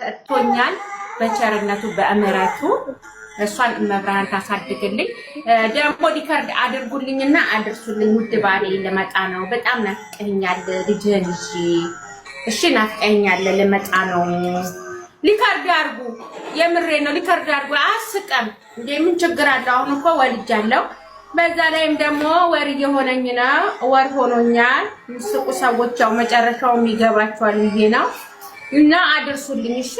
ሰጥቶኛል። በቸርነቱ በእምረቱ እሷን መብራን ታሳድግልኝ። ደግሞ ሪከርድ አድርጉልኝና አድርሱልኝ። ውድ ባሌ ልመጣ ነው፣ በጣም ናፍቀኛል። ልጅህን እ እሺ፣ ናፍቀኛል፣ ልመጣ ነው። ሪከርድ አድርጉ፣ የምሬ ነው። ሪከርድ አድርጉ፣ አስቀም እንደ ምን ችግር አለው? አሁን እኮ ወልጃለሁ። በዛ ላይም ደግሞ ወር እየሆነኝ ነው፣ ወር ሆኖኛል። ምስቁ ሰዎች ያው መጨረሻውም ይገባቸዋል ብዬ ነው እና አድርሱልኝ። እሺ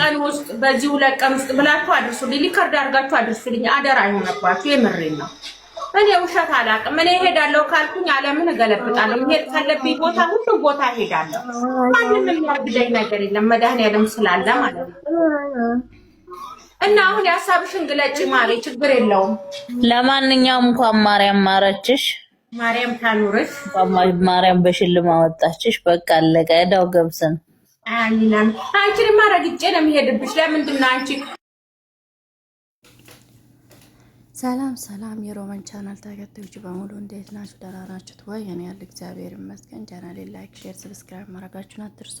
ቀን ውስጥ በዚህ ሁለት ቀን ውስጥ ብላችሁ አድርሱልኝ። ሊከርድ አድርጋችሁ አድርሱልኝ። አደራ ይሆነባችሁ። የምሬን ነው። እኔ ውሸት አላውቅም። እኔ እሄዳለሁ ካልኩኝ ዓለምን እገለብጣለሁ። መሄድ ካለብኝ ቦታ ሁሉ ቦታ እሄዳለሁ። ማንም የሚያግደኝ ነገር የለም። መድኃኒዓለም ስላለ ማለት ነው። እና አሁን የሀሳብሽን ግለጪ ማሪ፣ ችግር የለውም። ለማንኛውም እንኳን ማርያም ማረችሽ። ማርያም ታኑርሽ፣ ማርያም በሽልማ ወጣችሽ። በቃ አለቀ። እዳው ገብስ ነው። አንቺንማ ረግጬ ነው የሚሄድብሽ። ለምንድን ነው አንቺ? ሰላም ሰላም፣ የሮማን ቻናል ተከታዮች በሙሉ እንዴት ናችሁ? ደህና ናችሁት ወይ? እኔ ያለ እግዚአብሔር ይመስገን። ቻናሌ ላይክ፣ ሼር፣ ሰብስክራይብ ማድረጋችሁን አትርሱ።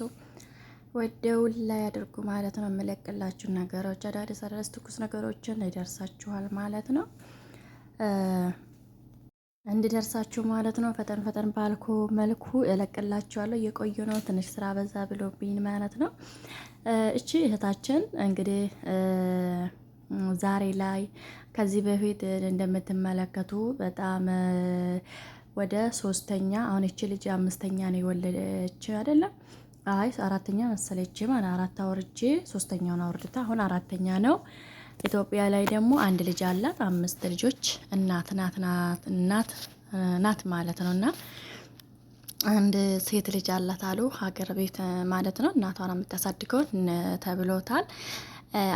ወደው ላይ አድርጉ ማለት ነው። የምለቅላችሁን ነገሮች አዳዲስ አዳዲስ ትኩስ ነገሮችን ይደርሳችኋል ማለት ነው። እንድደርሳችሁ ማለት ነው። ፈጠን ፈጠን ባልኩ መልኩ እለቅላችኋለሁ። የቆየ ነው ትንሽ ስራ በዛ ብሎብኝ ማለት ነው። እቺ እህታችን እንግዲህ ዛሬ ላይ ከዚህ በፊት እንደምትመለከቱ በጣም ወደ ሶስተኛ አሁን እቺ ልጅ አምስተኛ ነው የወለደች አይደለም። አይ አራተኛ መሰለች ማለት አራት አውርጄ ሶስተኛውን አውርድታ አሁን አራተኛ ነው ኢትዮጵያ ላይ ደግሞ አንድ ልጅ አላት፣ አምስት ልጆች እናት ናት ናት ናት ማለት ነው። እና አንድ ሴት ልጅ አላት አሉ ሀገር ቤት ማለት ነው። እናቷን የምታሳድገው ተብሎታል።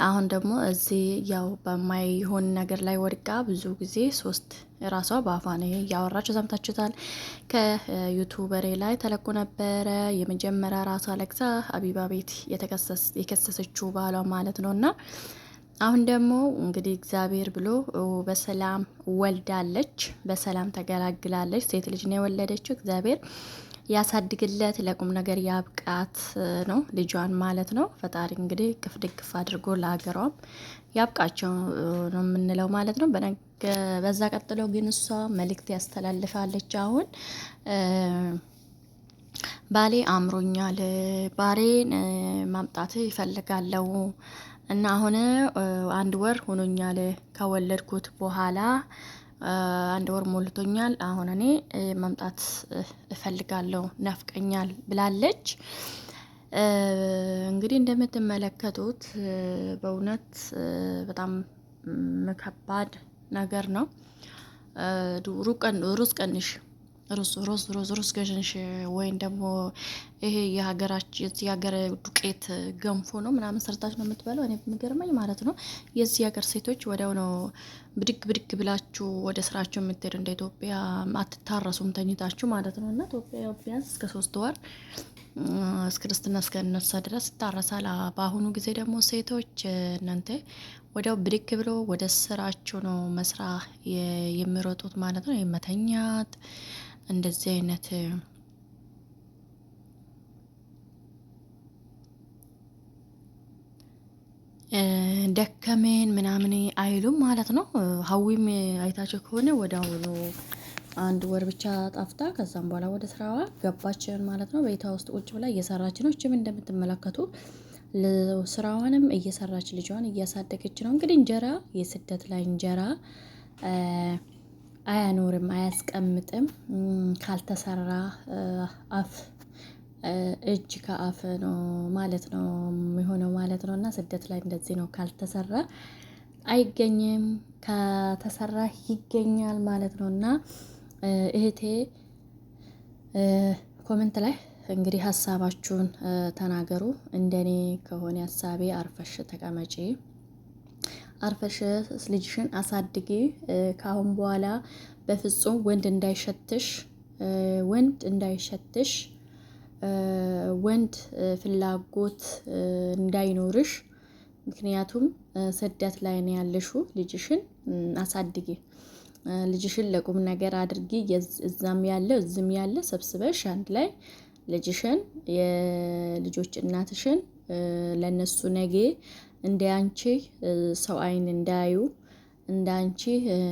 አሁን ደግሞ እዚህ ያው በማይሆን ነገር ላይ ወድቃ ብዙ ጊዜ ሶስት ራሷ በአፏ ነው እያወራች ሰምታችሁታል። ከዩቱበሬ ላይ ተለቁ ነበረ። የመጀመሪያ ራሷ ለቅሳ አቢባ ቤት የከሰሰችው ባሏ ማለት ነው እና አሁን ደግሞ እንግዲህ እግዚአብሔር ብሎ በሰላም ወልዳለች፣ በሰላም ተገላግላለች። ሴት ልጅ ነው የወለደችው። እግዚአብሔር ያሳድግለት፣ ለቁም ነገር ያብቃት ነው ልጇን ማለት ነው። ፈጣሪ እንግዲህ ቅፍ ድግፍ አድርጎ ለሀገሯም ያብቃቸው ነው የምንለው ማለት ነው። በዛ ቀጥለው ግን እሷ መልእክት ያስተላልፋለች አሁን ባሌ አምሮኛል፣ ባሌን ማምጣት ይፈልጋለው እና አሁን አንድ ወር ሆኖኛል ከወለድኩት በኋላ አንድ ወር ሞልቶኛል። አሁን እኔ መምጣት እፈልጋለሁ ናፍቀኛል ብላለች። እንግዲህ እንደምትመለከቱት በእውነት በጣም ከባድ ነገር ነው። ሩስ ቀንሽ ሩስ ሩስ ሩስ ሩዝ ወይም ደግሞ ይሄ የሀገራችን የሀገር ሀገር ዱቄት ገንፎ ነው ምናምን ሰርታች ነው የምትበለው። እኔ የሚገርመኝ ማለት ነው የዚህ ሀገር ሴቶች ወዲያው ነው ብድግ ብድግ ብላችሁ ወደ ስራችሁ የምትሄዱ። እንደ ኢትዮጵያ አትታረሱም ተኝታችሁ ማለት ነው። እና ኢትዮጵያ ቢያንስ እስከ ሶስት ወር እስከ ክርስትና እስከነሳ ድረስ ይታረሳል። በአሁኑ ጊዜ ደግሞ ሴቶች እናንተ ወዲያው ብድግ ብሎ ወደ ስራችሁ ነው መስራ የሚሮጡት ማለት ነው። የመተኛት እንደዚህ አይነት ደከመን ምናምን አይሉም ማለት ነው። ሀዊም አይታቸው ከሆነ ወደ አሁኑ አንድ ወር ብቻ ጣፍታ ከዛም በኋላ ወደ ስራዋ ገባችን ማለት ነው። ቤቷ ውስጥ ቁጭ ብላ እየሰራች ነው። እችም እንደምትመለከቱ ስራዋንም እየሰራች ልጇን እያሳደገች ነው። እንግዲህ እንጀራ የስደት ላይ እንጀራ አያኖርም፣ አያስቀምጥም ካልተሰራ አፍ እጅ ከአፍ ነው ማለት ነው የሚሆነው ማለት ነው። እና ስደት ላይ እንደዚህ ነው። ካልተሰራ አይገኝም፣ ከተሰራ ይገኛል ማለት ነው። እና እህቴ ኮመንት ላይ እንግዲህ ሀሳባችሁን ተናገሩ። እንደኔ ከሆነ ሀሳቤ አርፈሽ ተቀመጪ፣ አርፈሽ ልጅሽን አሳድጊ። ከአሁን በኋላ በፍጹም ወንድ እንዳይሸትሽ ወንድ እንዳይሸትሽ ወንድ ፍላጎት እንዳይኖርሽ። ምክንያቱም ስደት ላይ ነው ያለሹ። ልጅሽን አሳድጊ ልጅሽን ለቁም ነገር አድርጊ። እዛም ያለ እዝም ያለ ሰብስበሽ አንድ ላይ ልጅሽን የልጆች እናትሽን ለነሱ ነገ እንደ አንቺ ሰው አይን እንዳያዩ እንደ አንቺ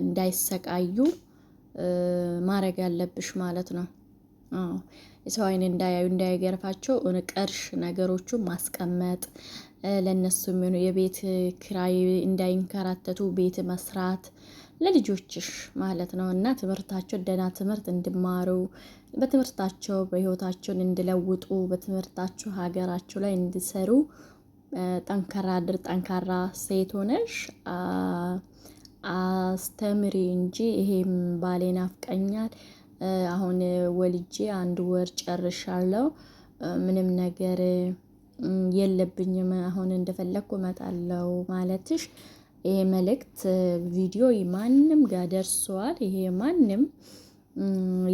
እንዳይሰቃዩ ማድረግ አለብሽ ማለት ነው። የሰው አይን እንዳያዩ እንዳይገርፋቸው ቅርሽ ነገሮቹ ማስቀመጥ ለእነሱ የሚሆኑ የቤት ክራይ እንዳይንከራተቱ ቤት መስራት ለልጆችሽ ማለት ነው እና ትምህርታቸው ደህና ትምህርት እንድማሩ በትምህርታቸው በህይወታቸውን እንድለውጡ በትምህርታቸው ሀገራቸው ላይ እንዲሰሩ ጠንካራ ድር ጠንካራ ሴት ሆነሽ አስተምሪ እንጂ ይሄም ባሌን አፍቀኛል አሁን ወልጄ አንድ ወር ጨርሻለሁ። ምንም ነገር የለብኝም አሁን እንደፈለኩ እመጣለሁ ማለትሽ ይሄ መልእክት ቪዲዮ ማንም ጋር ደርሷል። ይሄ ማንም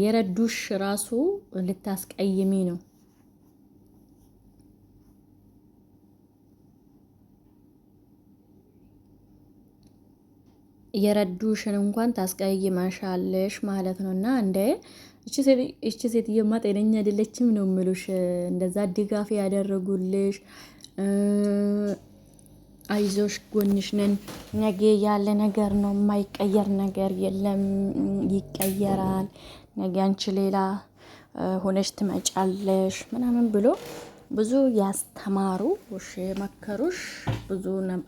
የረዱሽ ራሱ ልታስቀይሚ ነው የረዱሽን እንኳን ታስቀይማሻለሽ ማለት ነው። እና እንደ እቺ ሴትየማ ጤነኛ አይደለችም ነው ምሉሽ። እንደዛ ድጋፍ ያደረጉልሽ አይዞሽ፣ ጎንሽ ነን፣ ነገ ያለ ነገር ነው፣ የማይቀየር ነገር የለም፣ ይቀየራል፣ ነገ አንቺ ሌላ ሆነሽ ትመጫለሽ ምናምን ብሎ ብዙ ያስተማሩ የመከሩሽ ብዙ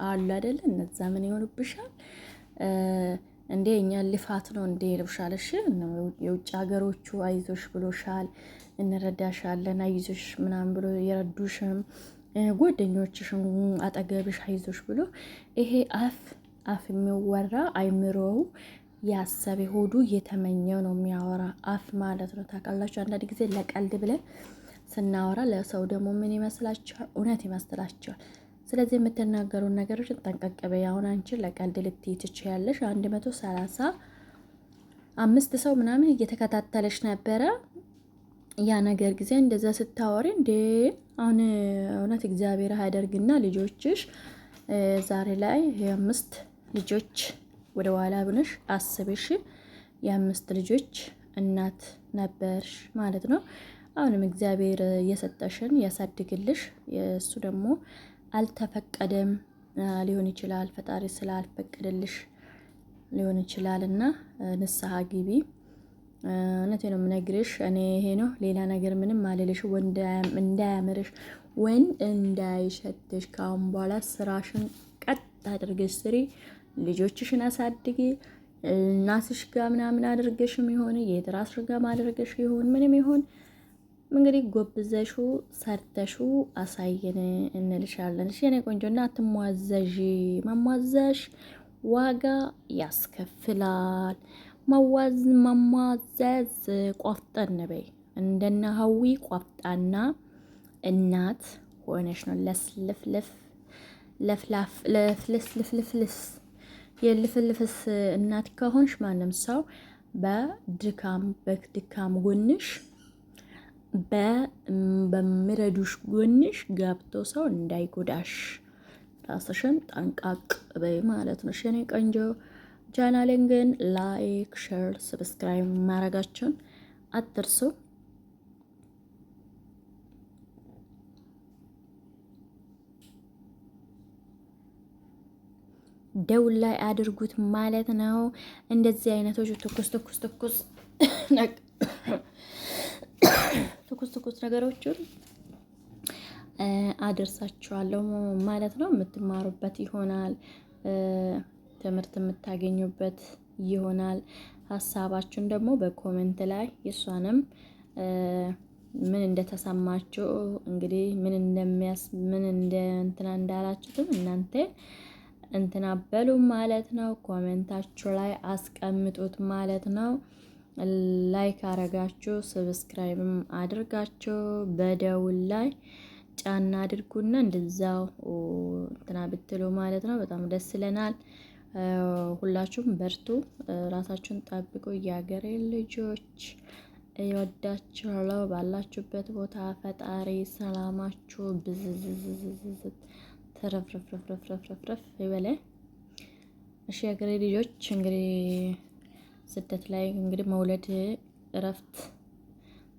አሉ አይደለ? እነዛ ምን ይሆኑብሻል? እንዴ እኛ ልፋት ነው እንዴ ልብሻለሽ የውጭ ሀገሮቹ አይዞሽ ብሎሻል፣ እንረዳሻለን፣ አይዞሽ ምናምን ብሎ የረዱሽም ጓደኞችሽም አጠገብሽ አይዞሽ ብሎ ይሄ አፍ አፍ የሚወራ አይምሮው ያሰበ ሆዱ የተመኘው ነው የሚያወራ አፍ ማለት ነው። ታውቃላችሁ አንዳንድ ጊዜ ለቀልድ ብለን ስናወራ ለሰው ደግሞ ምን ይመስላችኋል? እውነት ይመስላችኋል። ስለዚህ የምትናገሩን ነገሮችን ጠንቀቅ በይ። አሁን አንቺን ለቀልድ ልትይ ትችያለሽ። አንድ መቶ ሰላሳ አምስት ሰው ምናምን እየተከታተለች ነበረ ያ ነገር ጊዜ እንደዛ ስታወሪ እንዴ አሁን እውነት እግዚአብሔር አያደርግና ልጆችሽ ዛሬ ላይ የአምስት ልጆች ወደ ኋላ ብነሽ አስብሽ የአምስት ልጆች እናት ነበርሽ ማለት ነው። አሁንም እግዚአብሔር የሰጠሽን ያሳድግልሽ። እሱ ደግሞ አልተፈቀደም ሊሆን ይችላል። ፈጣሪ ስላልፈቀደልሽ ሊሆን ይችላል እና ንስሐ ግቢ። እውነቴ ነው የምነግርሽ። እኔ ይሄ ነው ሌላ ነገር ምንም አልልሽ። እንዳያምርሽ ወንድ እንዳይሸትሽ። ከአሁን በኋላ ስራሽን ቀጥ አድርገሽ ስሪ። ልጆችሽን አሳድጊ። እናስሽ ጋ ምናምን አድርገሽም ይሆን የት ራስሽ ጋር ማድረገሽ ይሆን ምንም ይሆን እንግዲህ ጎብዘሹ ሰርተሹ አሳየን እንልሻለን። እሺ የኔ ቆንጆና አትሟዘዥ። መሟዘሽ ዋጋ ያስከፍላል። መዋዝ መሟዘዝ ቆፍጠን በይ። እንደነ ሀዊ ቆፍጣና እናት ሆነሽ ነው ለስልፍልፍ ለፍላፍ ለፍልፍልፍልስ የልፍልፍስ እናት ከሆንሽ ማንም ሰው በድካም በድካም ጎንሽ በምረዱሽ ጎንሽ ገብቶ ሰው እንዳይጎዳሽ ራስሽን ጠንቃቅ በይ ማለት ነው። ሸኔ ቀንጆ ቻናሌን ግን ላይክ፣ ሸር፣ ሰብስክራይብ ማድረጋችሁን አትርሱ። ደውል ላይ አድርጉት ማለት ነው። እንደዚህ አይነቶች ትኩስ ትኩስ ትኩስ ትኩስ ትኩስ ነገሮችን አደርሳችኋለሁ ማለት ነው። የምትማሩበት ይሆናል፣ ትምህርት የምታገኙበት ይሆናል። ሀሳባችሁን ደግሞ በኮሜንት ላይ የእሷንም ምን እንደተሰማችሁ እንግዲህ ምን እንደሚያስ ምን እንደ እንትና እንዳላችሁትም እናንተ እንትና በሉ ማለት ነው። ኮሜንታችሁ ላይ አስቀምጡት ማለት ነው። ላይክ አረጋችሁ ሰብስክራይብም አድርጋችሁ በደውል ላይ ጫና አድርጉና እንደዛው እንትና ብትሉ ማለት ነው። በጣም ደስ ይለናል። ሁላችሁም በርቱ፣ ራሳችሁን ጠብቁ። የሀገሬ ልጆች እወዳችኋለሁ። ባላችሁበት ቦታ ፈጣሪ ሰላማችሁ ብዝዝዝዝዝ ተረፍረፍረፍረፍረፍረፍ ይበለ። እሺ የሀገሬ ልጆች እንግዲህ ስደት ላይ እንግዲህ መውለድ እረፍት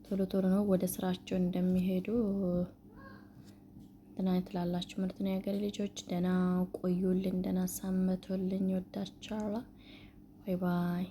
ቶሎ ቶሎ ነው ወደ ስራቸው እንደሚሄዱ እንትና ትላላችሁ ማለት ነው። የሀገር ልጆች ደህና ቆዩልን፣ ደህና ሳመቶልኝ። ወዳችኋለሁ። ባይ ባይ